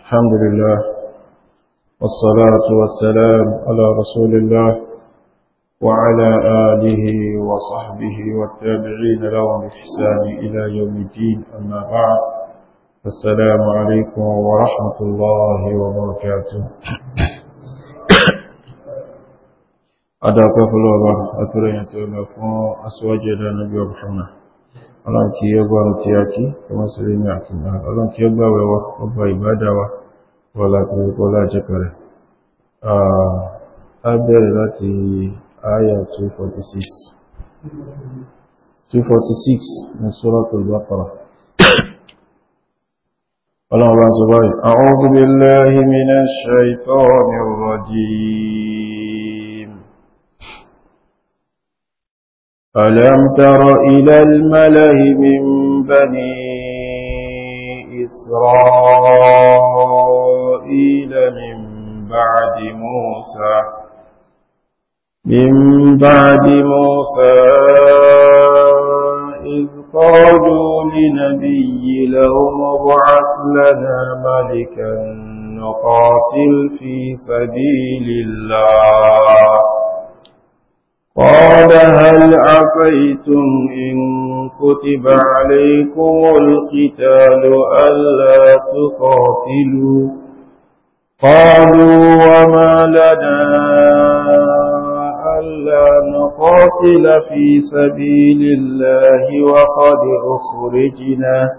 الحمد لله والصلاة والسلام على رسول الله وعلى آله وصحبه والتابعين لهم بإحسان إلى يوم الدين أما بعد السلام عليكم ورحمة الله وبركاته أدعوك الله أتريني يتولى فون أسواجنا نبي محمد ọlọ́run kí ó gbá ohun tí a kí ọmọ sí rí ní àkìgbà ọlọ́run kí ó gbá wẹwa ọgbà ìbádà wa wọ́n láti rúkọ láàjẹ́ pẹ̀rẹ̀ ah, a bẹ̀rẹ̀ láti ayà 246 246 ní Suratul Baqarah ọlọ́run bá ń sọ báyìí a'udhu billahi minash shaitanir rajim ألم تر إلى الملأ من بني إسرائيل من بعد موسى من بعد موسى إذ قالوا لنبي لهم ابعث لنا ملكا نقاتل في سبيل الله قال هل عصيتم إن كتب عليكم القتال ألا تقاتلوا قالوا وما لنا ألا نقاتل في سبيل الله وقد أخرجنا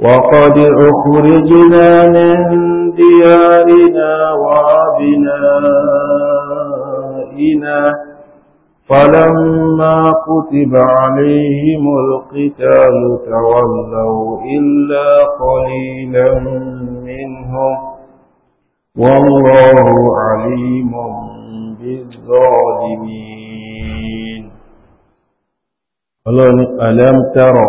وقد أخرجنا من ديارنا وأبنائنا فلما كتب عليهم القتال تولوا إلا قليلا منهم والله عليم بالظالمين ألم ترى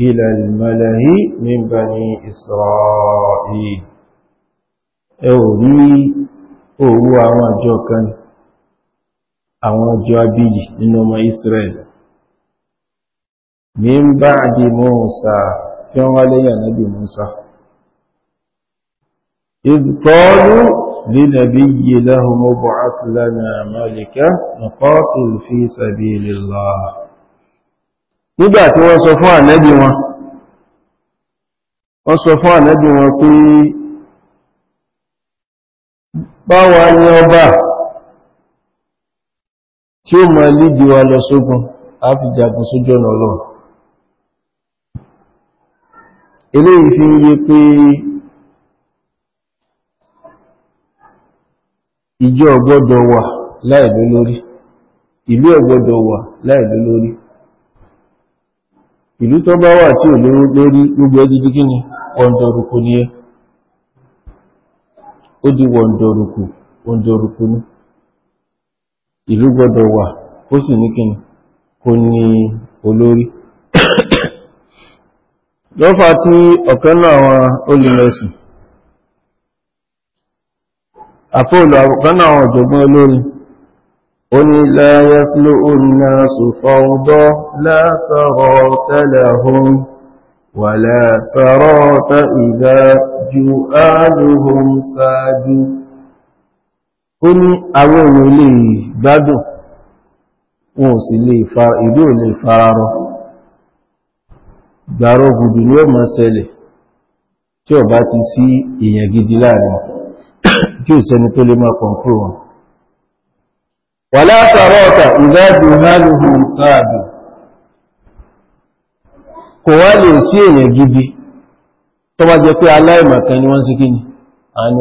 إلى الملأ من بني إسرائيل أولي هو عجوكا àwọn Joabi nínú ọmọ Israel min ba'di Musa tí wọ́n wá lẹ́yìn ànábì Musa idh qalu linabiyyin lahum ib'ath lana malikan nuqatil fi sabilillah nígbà tí wọ́n sọ fún ànábì wọn wọ́n sọ fún ànábì wọn pé báwa ni ọba tí ó máa lídi wa lọ sógun a fi jagun sójú ọ̀nà ọlọ́run eléyìí fi ń yé pé ìjọ ọgbọ́dọ̀ wà láìlú lórí ìlú ọgbọ́dọ̀ wà láìlú lórí ìlú tó bá wà tí ò lórí gbogbo ẹjíjí kí ni ni ẹ ó di ni ìlú gbọdọ wà kó sì ní kíni kò ní olórí lọ́fà tí ọ̀kan náà àwọn olùrẹ̀sìn àfóòlù náà àwọn ọ̀jọ̀gbọ́n olórin ó ní láyásílò òmìnà sùfọ́ ọdọ́ lásọ̀rọ̀ tẹ́lẹ̀ ohun wà lásọ̀rọ̀ tẹ́ ó ní àwọn ohun ilé ìgbádùn wọn ò sì lè ìdí ò lè fararọ gbàrọ gùdù ni ó mọ̀ tí ó bá ti sí èèyàn gidi láàrin kí ò sẹ́ni tó lè máa kọ̀ǹtró wọn wà látàrọ ọ̀tà ìdádùn hálùhù sáàdù kò wá lè sí èèyàn gidi tó bá jẹ́ pé aláìmọ̀kan ni wọ́n sí kí ni ni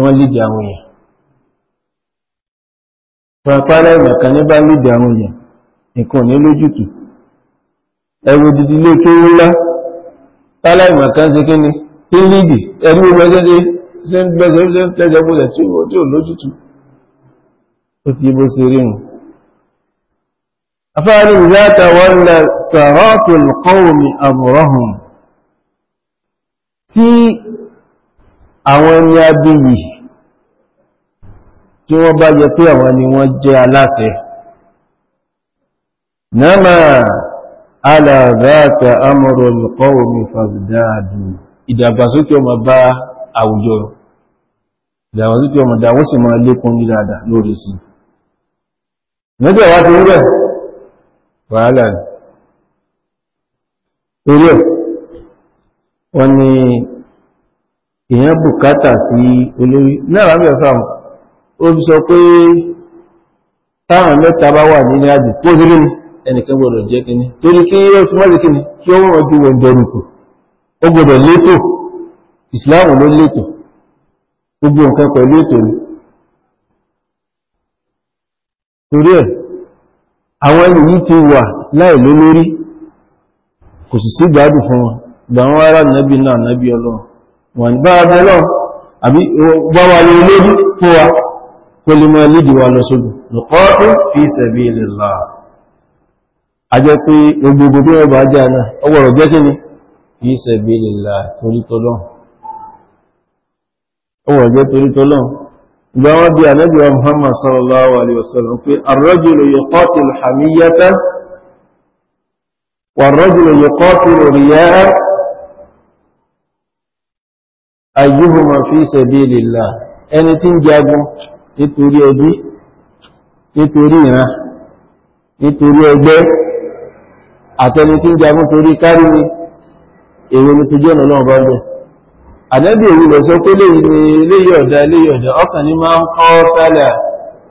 wọ́n lè jẹ àwọn fún apárá ìmọ̀kan ní bá lòdì àwọn èèyàn nǹkan ní lójútù ẹwọ dìdí ilé tó ńlá pálá ìmọ̀kan ṣe kíni tí ń lìdì ẹni gbogbo ṣe ń gbẹ́sẹ̀ ṣe ń tẹ́jọ bọ́lẹ̀ tí ó tí ò lójútù ó ti bó ṣe rí wọn afárá ìlú àtàwọlẹ̀ sàrọ́ọ̀tù kọ́wùmí àbùrọ̀hùn tí àwọn ẹni abiyì tí wọ́n bá yẹ pé àwọn ni wọ́n jẹ́ aláṣẹ náà aláàzáàkà amọ̀rọ̀ olùkọ́ omi fàzidáàdù ìdàgbàsókè ọmọ bá àwùjọ ìdàgbàsókè ọmọ dáwọ́ sì máa lékún ní dáadáa lórí sí mẹ́gbẹ̀wá ti ń rẹ̀ wàhálà eré wọ́n ó fi sọ pé táwọn mẹ́ta bá wà nínú àjò kó dúró ẹnìkan gbọdọ̀ jẹ́ kíní torí kí ó ti mọ́ kíní kí ó wọ́n ju wọ́n dẹrùkù ó gbọdọ̀ létò ìsìláàmù ló létò gbogbo nǹkan pẹ̀lú ètò ni torí ẹ̀ àwọn ẹni ti wà láì lórí, kò sì sí gbádùn fún wọn ará nàbí náà nàbí kó lè mọ́ lídì wa lọ sódù nùkọ́ọ̀tún fi sabilillah a jẹ́ pé gbogbo bí wọ́n bá jà náà ọwọ́rọ̀ jẹ́ kí ni fi sabilillah torí tọ́lọ́n ọwọ́rọ̀ jẹ́ torí tọ́lọ́n ìgbà wọ́n والرجل يقاتل رياء أيهما في سبيل الله ẹni tí ń jagun nítorí ẹbí nítorí ìran nítorí ẹgbẹ́ àtẹni tí ń jagun torí kárí ni èrò ní tó jọ́nà náà bá ń bẹ̀. àdẹ́bì èyí lọ sọ pé léyìí ọ̀dá léyìí ọ̀dá ọkàn ní máa ń kọ́ tálà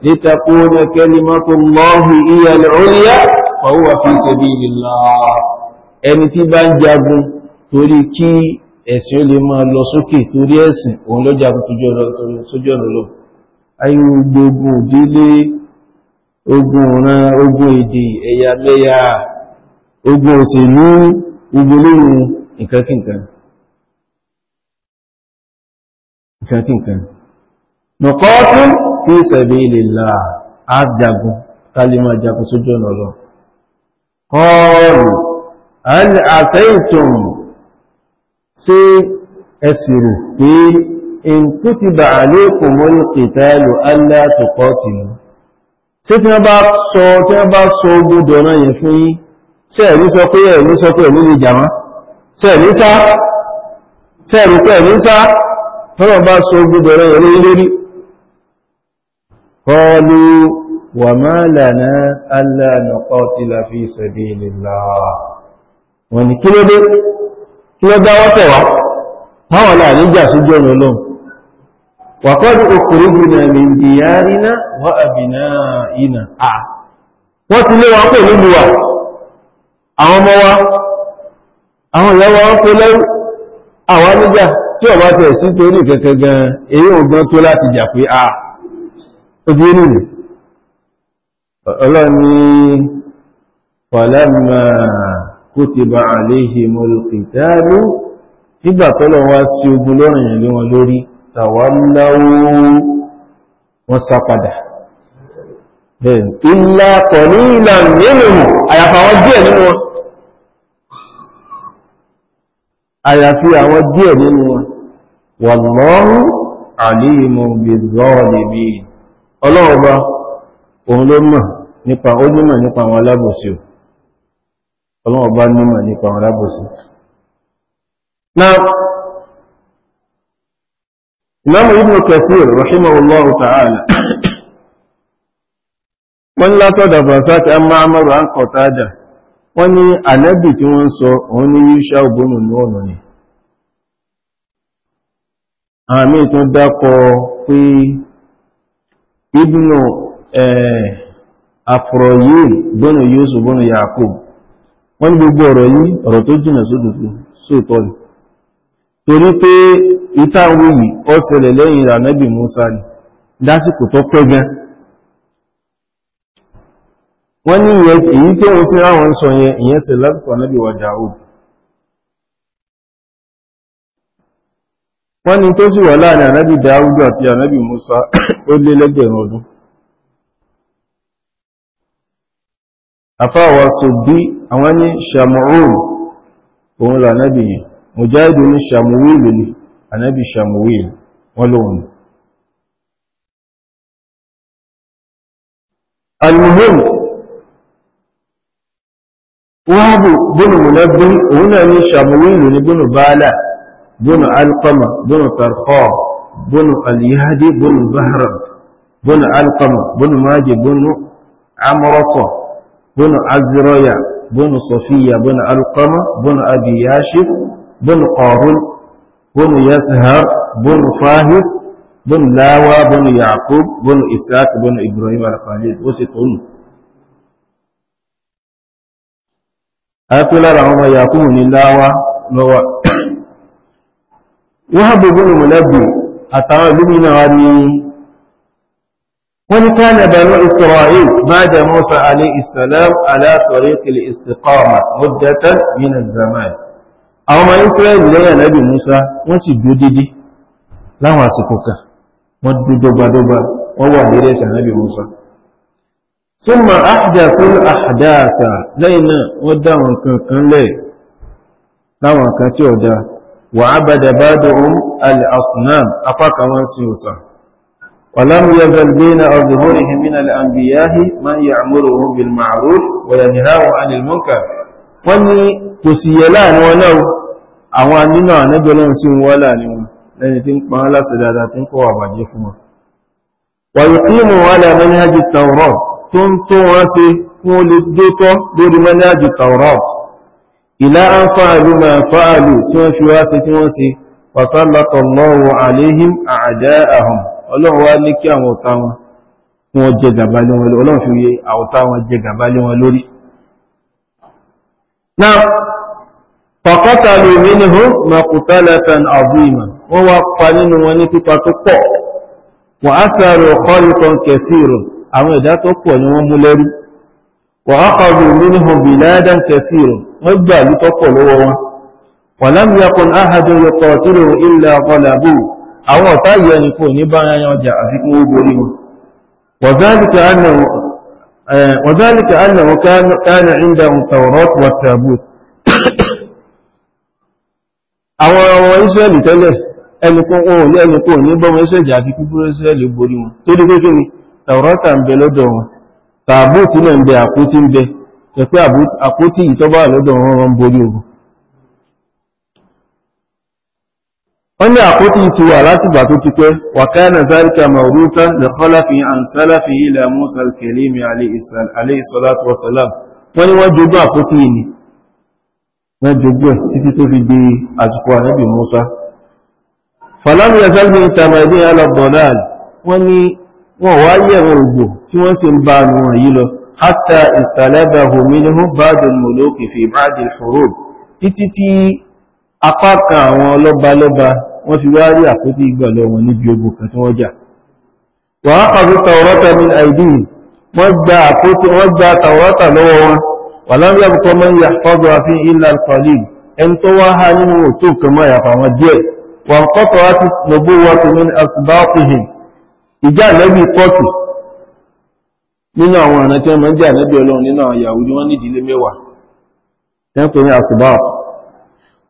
nítakó ní kẹ́lí mọ́tò lọ́hùn ìyá lọ́ríyá fọwọ́ fi sabilillah ẹni tí bá ń jagun torí kí ẹ̀sìn ó lè máa lọ sókè torí ẹ̀sìn òun lọ́jà tó sójú ọ̀nà lọ ayé gbogbo ogun ìdílé ogun ìran ogun ìdì ẹ̀yàmẹ̀yà ogun òṣèlú ìgbòlóhùn ìkankínkan ìkankínkan nọ̀kọ́ọ́tú fi sabilillah àjàgùn kálímà jagun sójú ọ̀nà lọ kọ́ọ̀rù àṣẹ́ìtùn sí ẹ̀sìrò pé in kutiba alaykumul qitalu alla tuqatilu ṣé tí wọ́n bá sọ tí wọ́n bá sọ gbogbo ọ̀nà yẹn fún yín ṣé ẹ̀rí sọ pé ẹ̀rí sọ pé ẹ̀rí lè jàmá ṣé ẹ̀rí sá ṣé ẹ̀rí pé ẹ̀rí sá tọ́lọ̀ bá sọ gbogbo ọ̀nà yẹn lórí lórí qalu wa ma lana alla nuqatila fi sabilillah wọ́n ní kí ló dé kí ló dá wọ́tẹ̀ wá táwọn náà sí jọ́nà ọlọ́run وقد أخرجنا من ديارنا وأبنائنا آه wọ́n ti lé wọn pè nílùú wa àwọn ọmọ wa àwọn ìyá wa ń kó lẹ́rù àwọn nígbà tí ọba tẹ̀ sí tó ní kẹ̀kẹ́ gan èyí ògbọ́n tó láti jà pé a ó ti rí nì ọlọ́ni falamma kutiba alayhimul qitalu nígbà tọ́lọ̀ wá sí ogun lọ́rìn yẹn lé wọn lórí tàwàláwó wọ́n sá padà ilá pọ̀lú ìlà nínú àyàfà àwọn díẹ̀ nínú wọn àyàfi àwọn díẹ̀ nínú wọn wàlọ́rún àlímù bìzọ́ọ̀lẹ̀bí ọlọ́ọ̀bá òun ló mọ̀ nípa ó nípa àwọn alábòsí ọlọ́ọ̀bá Imam Ibn kasir rahimahullahu ta'ala wọn ní látọ̀dà bàṣákì a máa mọ́rọ̀ án kọ̀tádà wọ́n ní ànábì tí wọ́n sọ òun ní yíṣà ògbónù ní ọ̀nà ni àmì tó pé Yusuf gbọ́nà Yakub wọ́n ní gbogbo ọ̀rọ̀ yìí ọ̀rọ̀ tó jìnà sódòdó sóòtọ́ ni torí pé ìtàwò yìí ó ṣẹlẹ̀ lẹ́yìn ìrànẹ́bì Musa ni dásìkò tó pẹ́ gan wọ́n ní èyí tí wọ́n tí ráwọn sọ yẹn ìyẹn ṣe lásìkò ànábì wa Dáúd wọ́n ni tó sì wà láàrin àti Musa ó lé lẹ́gbẹ̀rún ọdún sọ bí àwọn ní òun yẹn mujahid ní samuwil ni anábì samuwil wọ́n lóhun al-muhim wáàbù bínú mùnẹ́bí òun náà ní samuwil ní bínú bala bínú alqama bínú tarkha bínú aliyahdi bínú bahram bínú alqama bínú maji bínú amrasa bínú azraya bínú sofiya bínú alqama bínú abi بن قارون بن يزهر بن فاهد بن لاوى بن يعقوب بن إسحاق بن إبراهيم الخليل وسطون أقول لهم يعقوب بن لاوى نوى وهب بن ملبي أتعى من غني وإن كان بنو إسرائيل بعد موسى عليه السلام على طريق الاستقامة مدة من الزمان àwọn ọmọ israẹli lẹ́yìn ànábì musa wọ́n sì dúró dédé láwọn àsìkò kan wọ́n dúró dọ́gbadọ́gba wọ́n wà lérí ẹsẹ̀ ànábì musa súnmọ́ ahdathu ahdatha lẹ́yìn náà wọ́n dá àwọn nǹkan kan lẹ̀ láwọn nǹkan tí ọ̀dà wà ábàdà bá dùn al-asnam apá kan wọ́n sí òsà ولم يزل بين أظهرهم من الأنبياء من يأمرهم بالمعروف وينهاه عن المنكر wọ́n ní kò sì yẹ láàrin wọn náà àwọn nínú ànẹ́bẹ̀ náà sí wọn láàrin wọn lẹ́ni tí ń pa á láti dáadáa tí ń kọ́ àbàjẹ́ fún wọn wàyí tí mo wà lẹ́ mẹ́nájì tàwọ̀rọ̀ tó ń tó wọn sí fún olè dótọ́ lórí mẹ́nájì tàwọ̀rọ̀ ìlà an fa'alu ma fa'alu tí wọ́n fi wá sí tí wọ́n sí fasallatọ̀ lọ́wọ́ àléhìm àjẹ́ àhùn ọlọ́run wá ní kí àwọn ọ̀tá wọn jẹ gàbálé wọn lórí Now, فَقَتَلُوا مِنْهُ مَقْتَلَةً عَظِيمًا wọ́n wá pa nínú wọn ní pípa tó pọ̀ wọ́n á sáré àwọn ẹ̀dá tó pọ̀ ni wọ́n mú lẹ́rú wọ́n á wọ́n gbà tó pọ̀ lọ́wọ́ wọn wọ́n lámì yakun áhàdùn yọkọ̀ tí lè ilẹ̀ ọkọlàbù àwọn ọ̀tá ìyẹnì kò ní bá yan ọjà àfikún ó borí wọn wọ́n وذلك أنه كان, كان عنده التوراة والتابوت àwọn ọmọ Ísírẹ́lì tẹ́lẹ̀ ẹnìkan ohun ní ẹnìkan ní bọ́mọ Ísírẹ́lì àti kúkúrú Ísírẹ́lì borí wọn tó dé kéèkéè ni tàwọ́rọ́ta ń bẹ lọ́dọ̀ wọn tàbótí náà ń bẹ àpótí ń bẹ ẹ̀pẹ́ àpótí ìtọ́bà lọ́dọ̀ wọn wọn wọ́n ní àkótí ti wà láti gbà tó ti pẹ́ wàkánà zárika maurufa da kọlafi an salafi ila musa alkelemi alaihissalatu wasalam wọ́n ní wọ́n jogún àkótí ni wọ́n jogún ẹ̀ títí tó fi di àsìkò ànábì musa falamu ya zalmi tamadin alabdolal wọ́n ní wọ́n wá apá kan àwọn lọ́balọ́ba wọ́n fi wá rí àpótí ìgbàlọ́ wọn níbi ogun kan tí wọ́n jà wọ́n á wọ́n gba àpótí wọ́n gba wọn wà láwọn fọ́dọ̀ ilà ẹn tó wá ha nínú òtó kan wa tó ìjà lẹ́bí nínú àwọn àna tí wọ́n máa ń jà lẹ́bí ọlọ́run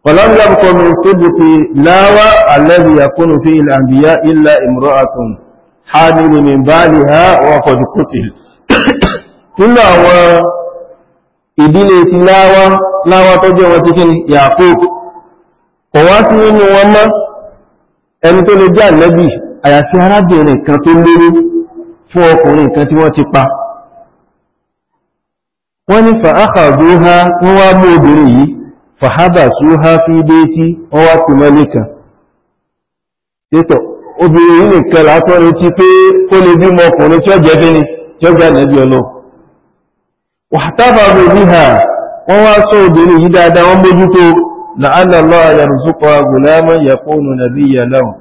ولم يبق من ثبت لاوى الذي يكون فيه الأنبياء إلا امرأة حامل من بالها وقد قتل كل هو ìdílé ti láwá láwá tó jẹ́ wọn ti kí ni Yakub kò wá sí nínú wọn mọ́ ẹni tó lè jẹ́ àlẹ́bì àyàfi arábìnrin kan tó lérú fún ọkùnrin kan tí wọ́n ti pa wọ́n ní fa'áhàdúhá wọ́n wá mú obìnrin yìí فحبسوها في بيتي ووات ملكا ètò obìnrin yìí nìkan látọ́ ti pé kó lè bímọ ọkùnrin tí ó jẹ́ tí ó jẹ́ ọlọ́ níhà wọ́n wá sọ obìnrin yìí dáadáa wọ́n mójútó na bóyá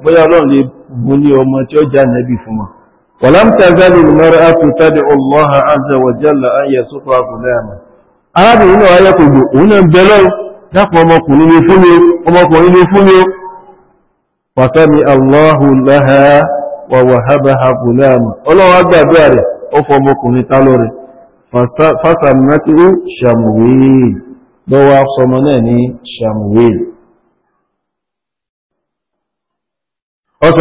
Ọlọ́run lè ní ọmọ dápọ̀ ọmọkùnrin ní fún mi ọmọkùnrin ní fún mi Allahu laha wa wahabaha gulama ọlọ́wọ́ gbàdúrà rẹ̀ ó fọ ọmọkùnrin tá lọ́rẹ̀ fásàmìnátìrú Shamuel lọ́wọ́ sọmọ náà ní Shamuel ọsọ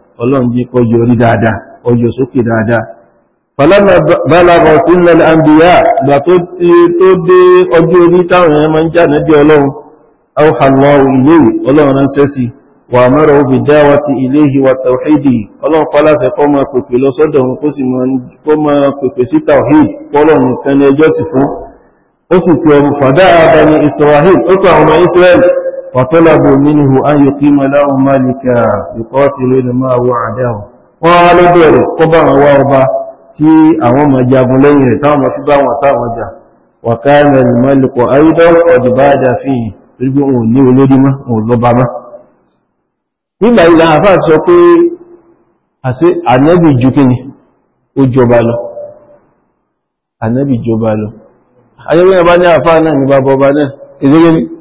ọlọ́run jí kọ́ yọrí dáadáa ọjọ́ sókè dáadáa falamma balagha sinna al-anbiya ìgbà tó ti tó dé ọjọ́ orí táwọn ẹ̀mọ́ ń jà níbi ọlọ́run awha Allahu ilayhi ọlọ́run ránṣẹ́ sí wa amarahu bid-da'wati ilayhi wa tawhidi ọlọ́run pálásẹ̀ kọ́ máa وطلبوا منه أن يقيم له مالكا يقاتل ما وعده قال بير قبا واربا تي أوام جابوا لين تام شبا وتام وكان الملك أيضا قد باد فيه يقول لي ولدي ما ولبا ما إلا إلا أفا سوكي أسي النبي جوكيني وجوبا له النبي جوبا له أيوة يا بني أفا أنا نبابا بنا إذا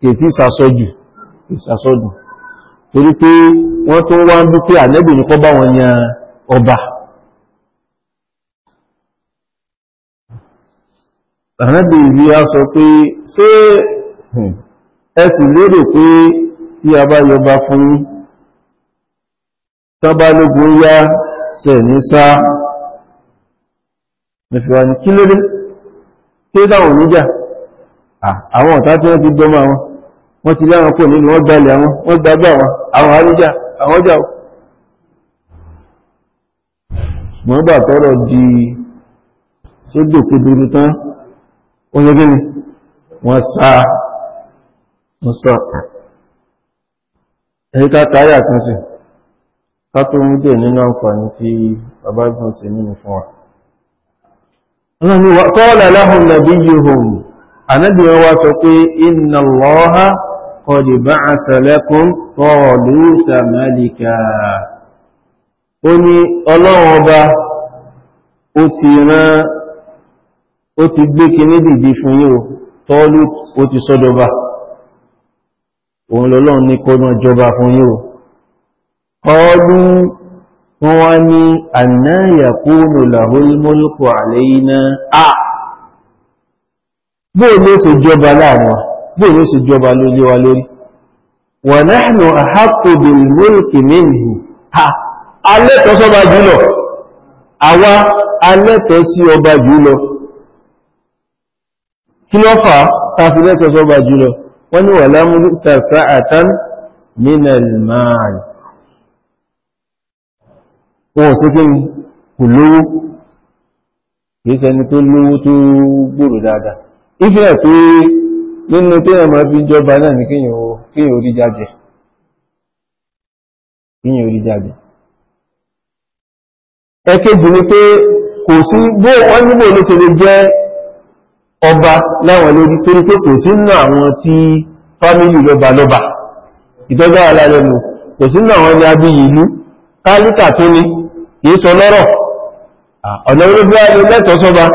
kètí ìsàsọ́jù ìsàsọ́dù torí pé wọ́n tó wá ń dúpé ànẹ́bì ní kọ́ bá wọn yan ọba ànẹ́bì rí a sọ pé ṣé hmm, ẹ sì lérò pé tí a bá yọba fún yín tọ́bá lógún yá sẹ̀ ní sáà mẹ́fẹ́wà ní kí lórí tí dáwọn níjà àwọn ọ̀tá tí wọ́n ti dọ́mọ́ àwọn wọ́n ti láwọn kò nínú wọ́n gbalẹ̀ àwọn wọ́n gbagbá àwọn àwọn àríjà àwọn ọjà mọ̀ gbà tọ́rọ̀ di tó dòkè dúró tán ó yẹ gíní wọ́n sá wọ́n sọ ẹ̀yí ká kárí àkànṣe ká tó ń dè nínú àǹfààní tí bàbá sí nínú fún wa. Wọ́n ni wọ́n kọ́ ànábì wọn wá sọ pé inna Allaha qad ba'atha lakum Taluta malika ó ní ọlọ́run ọba ó ti rán ó ti gbé kiní dìdí fún yín o ó ti sọ́dọba òun lọ́lọ́run ní kọ́nà jọba fún yín o wọ́n wá ní anna yakunu lahul mulku alayna àà bóò ló ṣe jọba láàrin bóò ló ṣe jọba ló lé wa lórí wa nahnu ahaqqu bil mulki minhu ha alẹ́tọ̀ sọba jùlọ àwa alẹ́tọ̀ sí ọba jùlọ kí ló fà tàfi lẹ́tọ̀ sọba jùlọ wọ́n ni wà lámúlùtà sa'atan min al sí kí ni kò lówó kìí ṣẹni tó lówó tó gbòrò dáadáa ìfihàn pé nínú téèyàn máa fi jọba náà ni kíyàn orí jájẹ kíyàn orí jájẹ ni pé kò sí bó wọ́n ọba láwọn lórí torí pé kò sí nínú àwọn tí fámílì lọba lọba ìtọ́gbà alálẹ́nu kò sí ní abíyì ìlú kálíkà tó ní kìí sọ lọ́rọ̀ ọ̀nà orí bí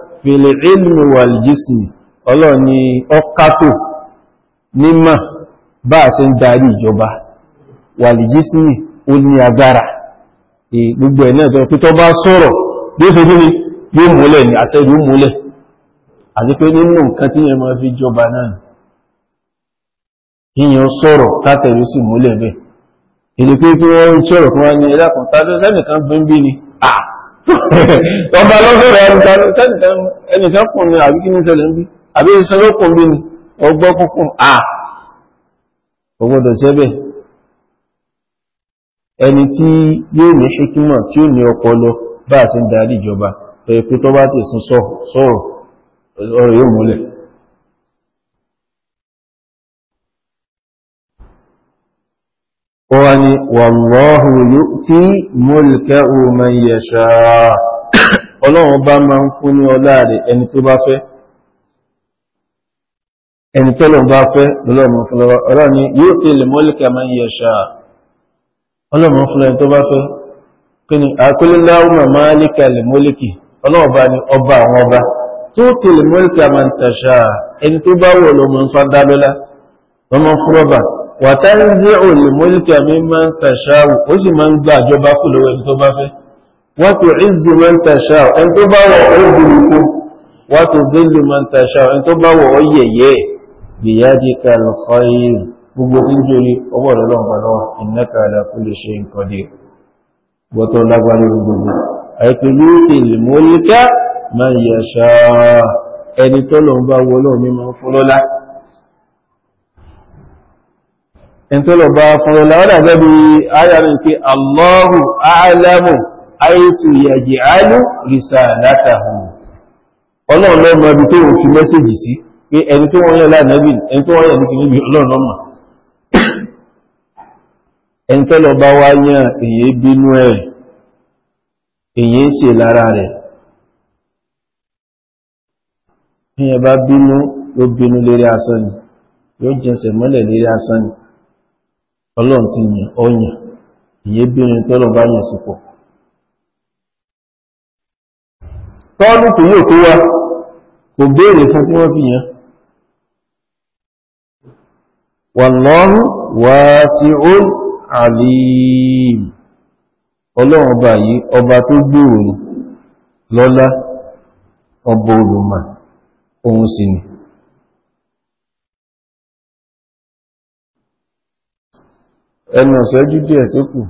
fil ilmi wal jismi ọlọ́run ni ọkátò nímọ̀ bá a ṣe ń darí ìjọba wal jismi ó ní agbára gbogbo ẹ̀ náà tó pé tó bá sọ̀rọ̀ bí ó ṣe kí ni yóò múlẹ̀ ní àṣẹ́rù múlẹ̀ àti pé nínú nǹkan tí yẹn máa fi jọba náà yíyan sọ̀rọ̀ ọba lọ́fẹ́rẹ̀ ẹnìkan kùn ní àbí kí ní ṣẹlẹ̀ ń bí àbí iṣẹ́ ló kùn bí ni ọgbọ́ kúkùn à ọgbọ́dọ̀ sẹ́bẹ̀ ẹni tí yóò ní ṣíkímọ̀ tí ó ní ọpọlọ bá sí ń darí ìjọba pẹ̀lú tó bá ti sún sọ̀rọ̀ yóò múlẹ̀ wọ́n ni wàlọ́hù tí múlùkẹ́ òmà yẹ̀ṣà ọlọ́run bá máa ń fún ní ọlá rẹ̀ ẹni tó bá fẹ́ ẹni tó lọ́n bá fẹ́ lọ́lọ́run fúnlọ́wọ́ ọlọ́run ni yóò tí lè múlùkẹ́ ma yẹ̀ṣà ọlọ́run fúnlọ́run tó bá fẹ́ kí ni àkúléláwùmà máa líkà lè múlùkì ọlọ́run bá ẹni tó bá wọ̀ wàtánzí olùmọ́lùkà mi máa ń tàṣáwù ó sì máa ń gba àjọba kù lọ́wọ́ ẹni tó bá fẹ́ wọ́n tó ìzù máa ń tàṣáwù ẹni tó bá wọ̀ ó burú kú wọ́n tó délù máa ń tàṣáwù ẹni tó bá wọ̀ ó yẹ̀yẹ́ bìyájí ká lọ́kọ́ yìí gbogbo tí ń jórí ọwọ́ rẹ̀ lọ́wọ́ lọ́wọ́ ìnáka àlàkù lè ṣe nǹkan dé gbọ́tọ̀ lágbárí gbogbo àìpẹ̀lú ìlúmọ́lùkà máa ń yẹ̀ ṣáà ẹni tó lọ́n bá wọ́ lọ́wọ́ mímọ́ fọlọ́lá ẹntọ́lọ̀bá fọ́lọ́lá ọ́dà gẹ́bí ayàrin pé Allahu a'lamu aisu yaj'alu risalatahu ọlọ́run lọ́mọ ibi tó wọ́n fi mẹ́sẹ̀jì sí pé ẹni tó wọ́n yẹ lánàbí ẹni tó wọ́n yẹ níbi níbi ọlọ́run ọmọ ẹntọ́lọ̀bá wá yàn èyí bínú ẹ̀ èyí ṣe lára ọlọ́run ti yìn ọyìn ìyébìnrin tọ́lọ̀ bá yìn sípò tọ́ọ̀lù tó yóò tó wá kò béèrè fún kí wọ́n fi yàn wallahu wasi'un alim ọlọ́run ọba yìí ọba tó gbòòrò lọ́lá ọba olùmọ̀ òun sì ni ẹnu ìṣẹ́jú díẹ̀ tó kù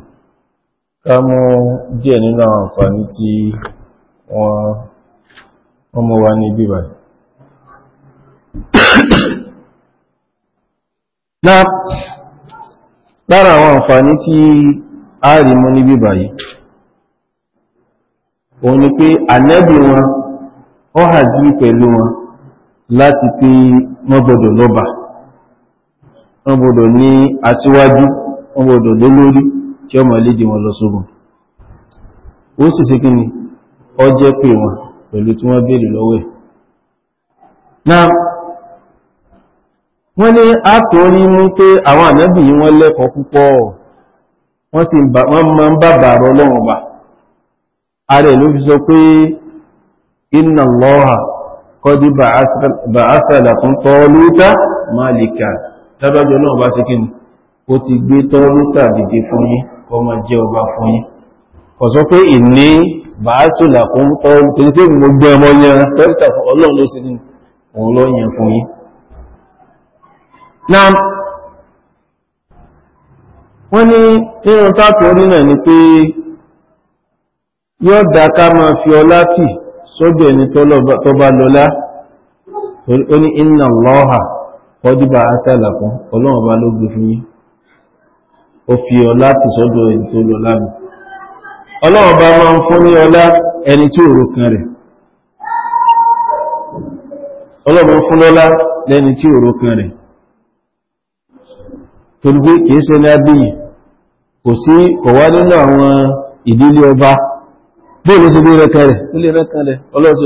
ká mú díẹ̀ nínú àwọn àǹfààní tí wọ́n mú wa ní bíbà lára àwọn àǹfààní tí a rí mú ní bíbà yìí òun ni pé ànẹ́bì wọn ó hàjú pẹ̀lú wọn láti pé wọ́n gbọ́dọ̀ lọ́bàá wọ́n gbọ́dọ̀ ní aṣíwájú obodo gbọdọ̀ lé lórí tí ọmọ lédè wọn lọ sógun ó sì sí kíni ọ jẹ́ pé wọn pẹ̀lú tí wọ́n béèrè lọ́wọ́ ẹ̀ wọ́n ní àtòrí mú pé àwọn ànábì yìí wọ́n lẹ́kọ̀ọ́ púpọ̀ wọ́n sì máa ń bàbà rọ ààrẹ ló fi sọ pé inna ó ti gbé tọ́rútà dìde fún yín kó máa jẹ́ ọba fún yín kò sọ pé ìní bàásùlà kún tọ́rútà tí mo gbé ọmọ yẹn tọ́rútà fún ọlọ́run ló sì ní ni pé yóò dá ká máa fi ọlá tì sọ́dọ̀ ẹni tó lọ́lá ó ní inna Allaha qad ba'atha lakum ọlọ́run bá ló gbé fún yín ó fi ọlá ti sọ́dọ̀ ẹni tó lọ láàmì ọlọ́run bá máa ń fún ní ọlá ẹni tí òrò kan rẹ̀ fún lọ́lá lẹ́ni tí kan rẹ̀ ní kò sí kọ̀wá nínú àwọn ìdílé ọba bí ti bí rẹ̀kan rẹ̀ nílé rẹ̀kan rẹ̀ ọlọ́sí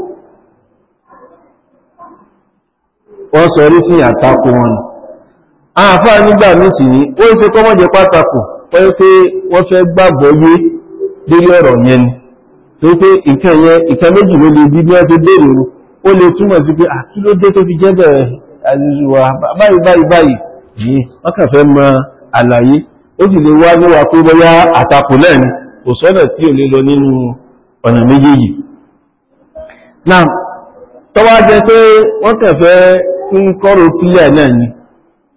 wọ́n sọ rí sí àtakò wọn àfáà nígbà mísì ní ó ṣe kọ́mọ́ jẹ pátákò pẹ́ pé wọ́n fẹ́ gbàgbọ́ yé lórí ọ̀rọ̀ yẹn ni tó pé ìkan yẹn ìkan méjì ló lè bí bí wọ́n ṣe béèrè o ó lè túmọ̀ sí pé àkí ló dé tó fi jẹ́ bẹ̀rẹ̀ àjùwà báyìí báyìí báyìí yìí wọ́n kàn fẹ́ mọ àlàyé ó sì lè wá níwà pé bóyá àtakò náà ni kò sọ́nà tí ò lè lọ nínú ọ̀nà méjèèjì náà tọ́wá jẹ pé wọ́n kẹfẹ́ ń kọ́rò kílẹ̀ náà ni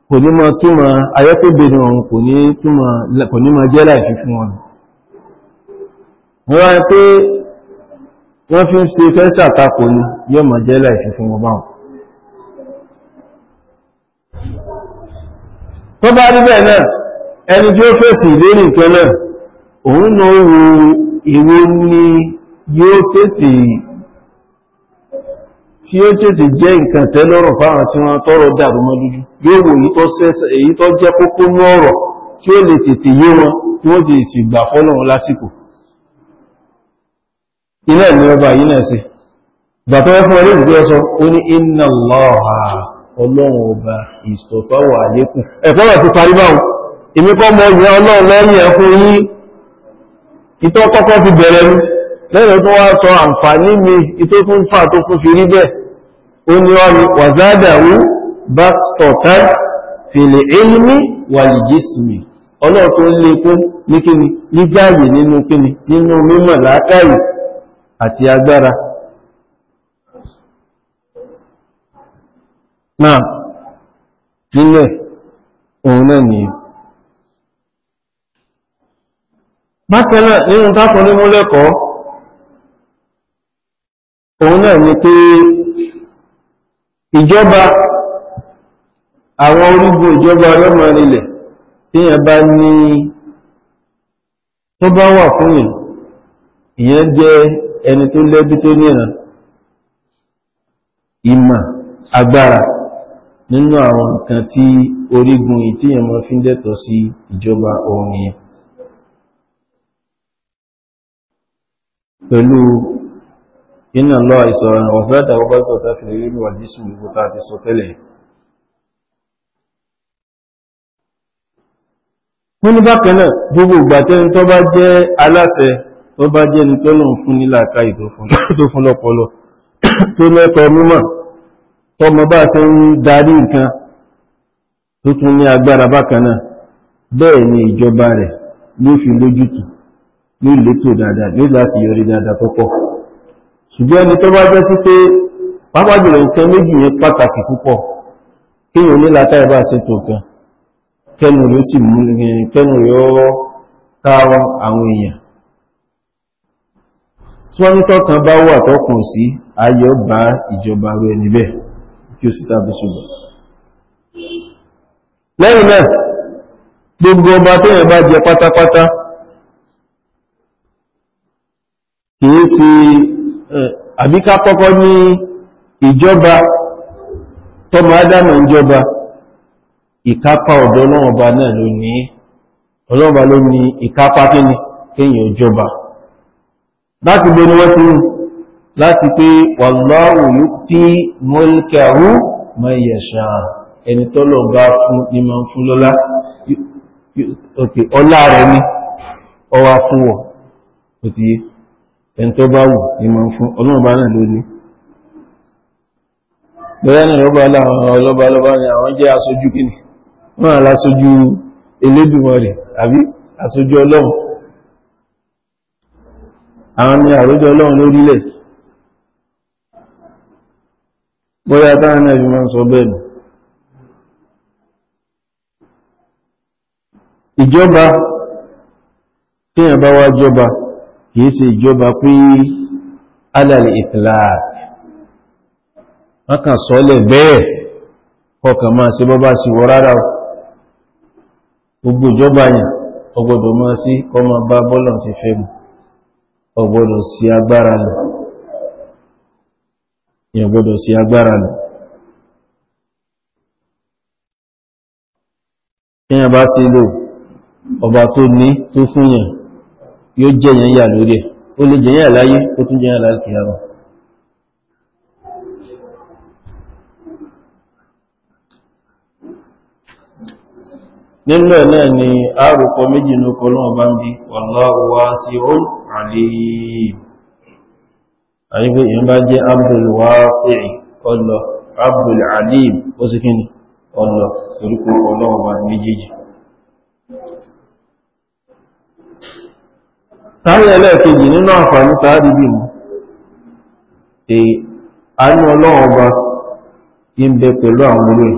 kò ní mọ túmọ̀ ayẹ́kọ́bìnrin ọ̀hún kò ní túmọ̀ kò ní mọ jẹ́ láìfi fún wọn wọ́n wá pé wọ́n fi ń ṣe fẹ́ sàtakò ní yóò mọ jẹ́ láìfi fún wọn báwọn tó bá rí bẹ́ẹ̀ náà ẹni tí ó fèsì lórí nǹkan náà òun náà wo ni yóò tètè tí ó tètè jẹ́ nǹkan tẹ́lọ́rọ̀ fáwọn tí wọ́n tọ́rọ dàrú mọ́ lójú yóò wò èyí tó sẹ́sẹ̀ èyí tó jẹ́ kókó ní ọ̀rọ̀ tí ó lè tètè yé wọn tí wọ́n ti ti gbà fọ́lọ́run lásìkò iná ni ọba yìí náà sí ìgbà tó fún ọdún ìgbé ọsọ ó ní inna Allaha ọlọ́run ọba ìsọ̀fáwọ̀ àlékún ẹ̀kọ́ rẹ̀ ti parí báwọn èmi kọ́ mọ ìyá ọlọ́run lẹ́yìn ẹ̀kún yín ìtọ́ kọ́kọ́ fi bẹ̀rẹ̀ ní lẹ́rẹ̀ tó wá sọ àǹfààní mi ìtó fún fà tó fún fi rí bẹ́ẹ̀ ó ní ọrù wàzádàwú bá tọ̀tán fèlè ilmi ní kíni nínú kíni nínú mímọ̀ láákàyè àti agbára bákanáà òun náà ni pé ìjọba àwọn orígun ìjọba ọlọ́mọ nílẹ̀ tíyàn bá ní tó bá wà fún yìí ìyẹn jẹ́ ẹni tó lẹ́bí tó níran ìmọ̀ agbára nínú àwọn nǹkan tí orígun ìtíyàn mọ́ fi ń dẹ́tọ̀ sí ìjọba òun yẹn pẹ̀lú iná lọ ìsọ̀rọ̀ ọ̀fẹ́ tàbí sọ̀tà kìlẹ̀ yìí wà jísù gbogbo ta ti sọ tẹ́lẹ̀ wọ́n ní bákan náà gbogbo ìgbàtẹ́ni tó bá jẹ́ aláṣẹ tó bá jẹ́ ni tọ́lọ̀ fún nílà káì tó fún lọ́pọlọ tó lẹ́kọ̀ọ́ mímọ̀ tọmọ bá ṣe ń darí nǹkan tó tún ní agbára bákan náà bẹ́ẹ̀ ni ìjọba rẹ̀ ló fi lójútù ló létò dáadáa ló láti yọrí dáadáa tó pọ̀ ṣùgbọ́n ẹni tó bá jẹ́ sí pé pápájùlọ nǹkan méjì yẹn pàtàkì púpọ̀ kéèyàn ní látàrí bá ṣe tó kan kẹnu rẹ̀ sì mú kẹnu rẹ̀ ọwọ́ táwọn àwọn èèyàn tí wọ́n ní tọ́kan bá wà tọ́kùn sí ayọ̀ bá ìjọba rẹ̀ níbẹ̀ tí ó sì tàbí ṣùgbọ́n lẹ́yìn náà gbogbo ọba tó yẹn bá jẹ pátápátá kìí fi àbí ká kọ́kọ́ ní ìjọba tọ́mọ ádámà ìjọba ìkápá ọ̀dọ̀ ọlọ́ọ̀ba náà ló ní ọlọ́ọ̀ba ló ní ìkápá kíni kéyìn òjọba láti gbé ni wọ́n ti mú láti pé wallahu yu'ti mulkahu man yasha ẹni tọ́lọ̀ bá fún ní ma ń ẹni tó bá wù ní máa ń fún ọlọ́run bá náà lóní bẹ́ẹ̀ náà lọ́ba lọ́ba lọ́ba ni àwọn jẹ́ aṣojú kìíní wọ́n á láṣojú Elédùmarè àbí aṣojú ọlọ́run àwọn ni àrójọ ọlọ́run lórílẹ̀ bóyá táwọn náà fi máa ń sọ bẹ́ẹ̀ nù ìjọba kíyàn bá wá jọba kìí ṣe ìjọba pé alàlì ìtìláàkì makàn sọ́lẹ̀ bẹ́ẹ̀ kọkàn máa ṣe bọ́bá sí wọ rárá gbogbo ìjọba yàn ọgbọ́dọ̀ máa sí kọmọ bá bọ́lọ̀ sí fẹ́ mú ọgbọ́dọ̀ sí agbára lọ yàn gbọ́dọ̀ sí agbára lọ kíyàn bá sí lò ọba tó ní tó fún yóò jẹ́ yẹn yà lórí ẹ̀ ó lè jẹ́ yẹn láyé ó tún jẹ́ yẹn lálùkìyàmọ̀ nínú ẹ̀ náà ni àrùkọ méjì ní ọkọ̀ lọ́wọ́ bá ń bí wallahu wasi'un alim àyíkò ìyẹn bá jẹ́ abdul wasi'i ọlọ abdul ó sì kí ni ọlọ torípò ọlọ́wọ́ bá méjèèjì táyà ẹlẹ́ẹ̀kejì nínú àǹfààní tààrí adibi mú pé àánú ọlọ́run ọba ń bẹ pẹ̀lú àwọn orí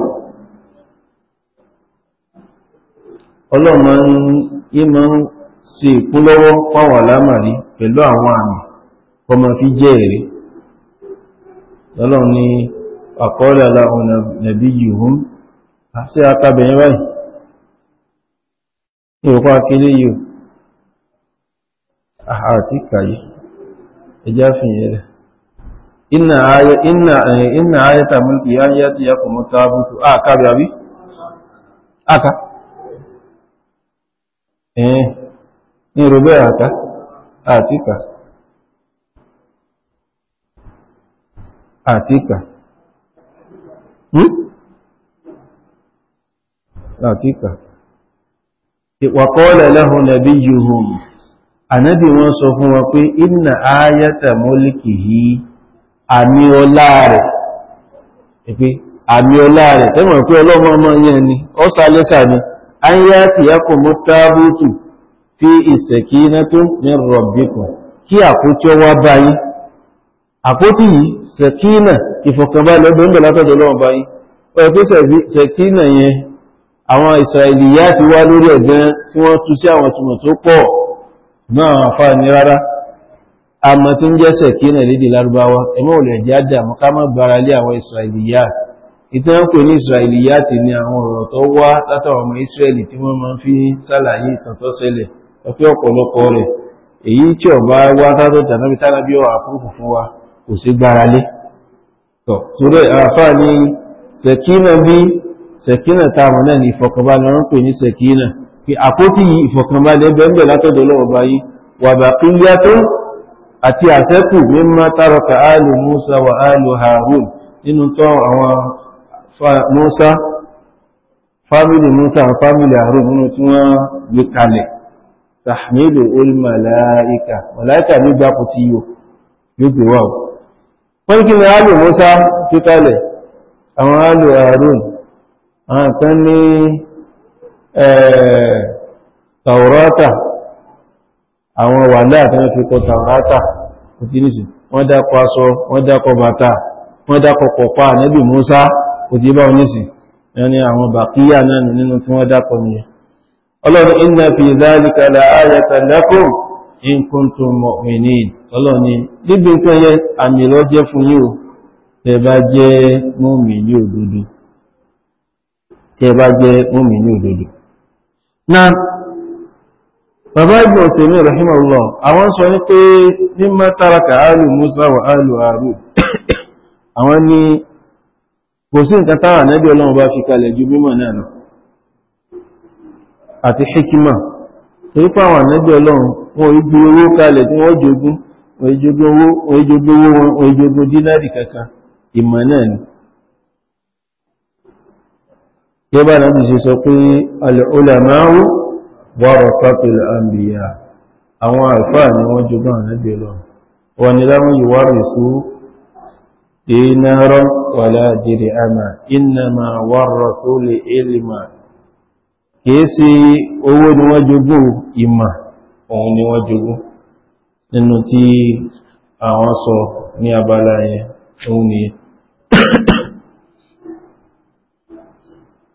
ọlọ́run yíma ń ṣe ìkúnlọ́wọ́ fáwọn àlámàrí pẹ̀lú àwọn àmì ọmọ fi jẹ́ èrè ọlọ́run ni àkọọ́lẹ̀ aláhùn nàbí yìí àti àtàbẹ̀yìn báyìí ìrọ̀pá kéré yìí àti kàyí ẹjá fi yẹn eh, mulki ya yá ti ya kò A aka àkà bí àbí àkà ẹ̀yìn ní rúbẹ̀ àkà àti kà àti kà àti kà wàkọ́ọ̀lẹ̀ lẹ́hùn nẹ̀bí ànábì wọ́n sọ fún wọn pé inna ayata mọ́líkì yìí àmì ọlá rẹ̀ pé àmì ọlá rẹ̀ tẹ́mọ̀ pé ọlọ́mọ ọmọ yẹn ni ọ sálẹ́sà ni ayá ti yàkò mú tábútù fi ìsẹ̀kí iná tó ní rọ̀bíkùn kí àkótí ọwá báyí àkótí yìí sẹ̀kínà ìfọ̀kànbalẹ̀ ọdún látọ̀dọ̀ lọ́wọ́ báyí ó yẹ pé sẹ̀kínà yẹn àwọn ti wá lórí ẹ̀gbẹ́ tí wọ́n tú sí àwọn túmọ̀ tó pọ̀ náà àfáà ní rárá àmọ́ tí ń jẹ́sẹ̀ kí náà lédè lárúbáwá ẹmọ́ ò lè jẹ́ àdàmú ká má gbára lé àwọn ìsìràìlìyà ìtàn pè ní ìsìràìlìyà ti ní àwọn ọ̀rọ̀ tó wá látàwọn ọmọ ìsírẹ́lì tí wọ́n máa ń fi sàlàyé ìtàn tó ṣẹlẹ̀ ọpẹ́ ọ̀pọ̀lọpọ̀ rẹ̀ èyí tí ọba wá tátọ́ tàbí tàbí ọ̀ àpúrúfù fún wa kò sí gbára lé sẹ̀kínà bí sẹ̀kínà táwọn náà ní ìfọkànbalẹ̀ wọn pè ní sẹ̀kínà pé àpótí ìfọ̀kànbalẹ̀ bẹ̀m̀bẹ̀ látọ̀dọ̀ lọ́wọ́ba yí wà bà kí yá tó àti àṣẹ́kù mímọ́ tàrọkà áàlù Musa wà áàlù Harun nínú tọ́ àwọn Musa fámílì Musa àwọn fámílì Harun nínú tí wọ́n gbé kalẹ̀ tahmilu olmalaika malaika ní gbapò tí yóò yóò gbé wà wọ́n kí Harun àwọn Eh, tàwọ̀rátà àwọn wàlá àti wọ́n fi kọ wọ́n dákọ aṣọ wọ́n dákọ bàtà wọ́n dákọ kọ̀pá ànábì Mùsá òtí onísì ẹni àwọn bàkíyà náà nínú tí wọ́n dákọ nìyẹn ọlọ́run ni jẹ́ fún yín na bàbá ìgbà òsè ní rahimahullah àwọn so ní pé ní mátàràkà alù musa wà alù àrù àwọn ni kò sí nǹkan táwà nẹ́bí ọlọ́run bá fi kalẹ̀ ju mímọ̀ náà lọ àti hikima torí pé nẹ́bí ọlọ́run owó kalẹ̀ tí wọ́n jogún wọ́n jogún owó wọ́n jogún gẹ́gẹ́ bá náà ṣe sọ pé al-ulama'u warasatul anbiya àwọn àlfáà ni wọ́n jogún ànábì lọ wọ́n ni lámú yuwarisu dinaran wala dirhaman innama warasul ilma kìí sí owó ni wọ́n jogún ìmà òun ni wọ́n jogún nínú tí àwọn sọ ní abala yẹn òun nìyẹn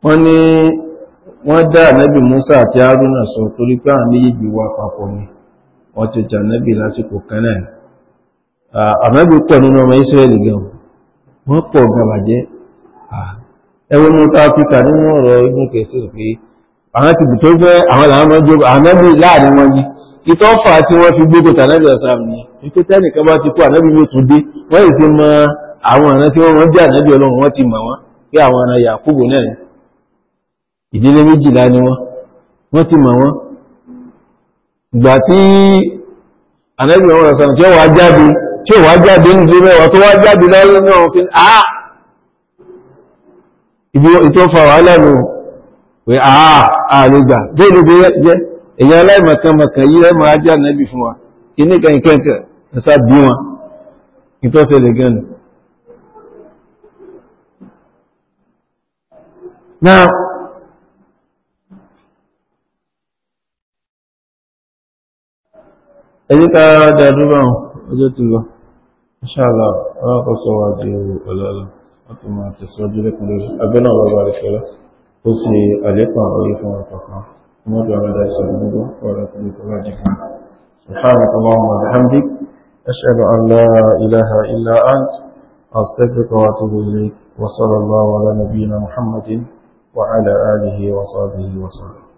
wọ́n ní wọ́n dá ànẹ́bì Musa àti Haruna sọ torí pé àwọn méjèèjì wà papọ̀ ni wọ́n ti jà ànábì lásìkò kan náà ànábì pọ̀ nínú ọmọ Israẹli gan wọ́n pọ̀ gàbàjẹ́ ẹwọ́ mú ta fi kà nínú ọ̀rọ̀ igun kẹsì pé àwọn ti bùtó fẹ́ àwọn làwọn láàrin wọn ìtọ́ wọ́n fi ọ̀sán ni ìdílé méjìlá ni wọ́n wọ́n ti mọ̀ wọ́n ìgbà tí Ànábì wọn rẹ̀ sọ̀rọ̀ tí ó wá jáde tí ó wá jáde ní ìdílé mẹ́wàá tó wá jáde láyé náà fi àá ibi ìtọ́ fa wàhálà nù pé àá àlùgbà tó ní fi jẹ́ èyàn aláìmọ̀kànmọ̀kàn yí ẹmọ ajá Ànábì fún wa kíní kẹ́kẹ́kẹ́ ẹ̀sà bí wọn ìtọ́sẹ̀lẹ̀ gan-an ẹjí ká dàdúrà ọjọ́ ti lọ ṣáàlá alákọ̀ọ́sọ́ wà di ọlọ́lọ́ láti máa tẹ̀síwájú lẹ́kùn lórí abẹ́nà bàbá àrífẹ́lá ó sì àlékún orí fún ọ̀pọ̀kan ọmọdé ọmọdé ìṣàlùmọ́gbọ́ ọ̀rọ̀ ti lè kọ́lá jẹ́ kan سبحانك اللهم وبحمدك أشهد أن لا إله إلا أنت أستغفرك وأتوب إليك وصلى الله على نبينا محمد وعلى آله وصحبه وسلم